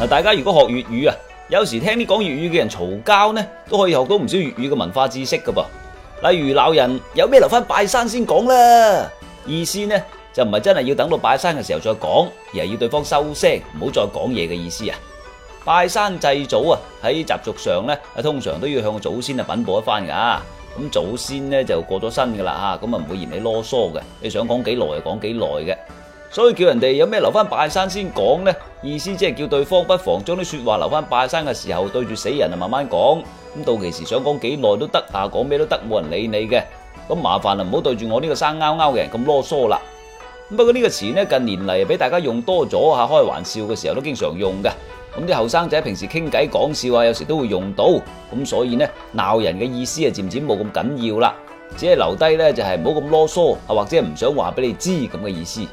嗱，大家如果學粵語啊，有時聽啲講粵語嘅人嘈交呢，都可以學到唔少粵語嘅文化知識噶噃。例如鬧人有咩留翻拜山先講啦，意思呢，就唔係真係要等到拜山嘅時候再講，而係要對方收聲，唔好再講嘢嘅意思啊。拜山祭祖啊，喺習俗上呢，通常都要向祖先啊禀報一番噶。咁祖先呢，就過咗身噶啦，吓咁啊唔會嫌你囉嗦嘅，你想講幾耐就講幾耐嘅。所以叫人哋有咩留翻拜山先講呢？意思即係叫對方不妨將啲說話留翻拜山嘅時候對住死人啊慢慢講。咁到其時想講幾耐都得，吓講咩都得，冇人理你嘅。咁麻煩啊，唔好對住我呢個生勾勾嘅人咁囉嗦啦。不過呢個詞呢，近年嚟俾大家用多咗，吓，開玩笑嘅時候都經常用嘅。咁啲後生仔平時傾偈講笑啊，有時都會用到。咁所以呢，鬧人嘅意思啊，漸漸冇咁緊要啦，只係留低呢，就係唔好咁囉嗦啊，或者唔想話俾你知咁嘅意思。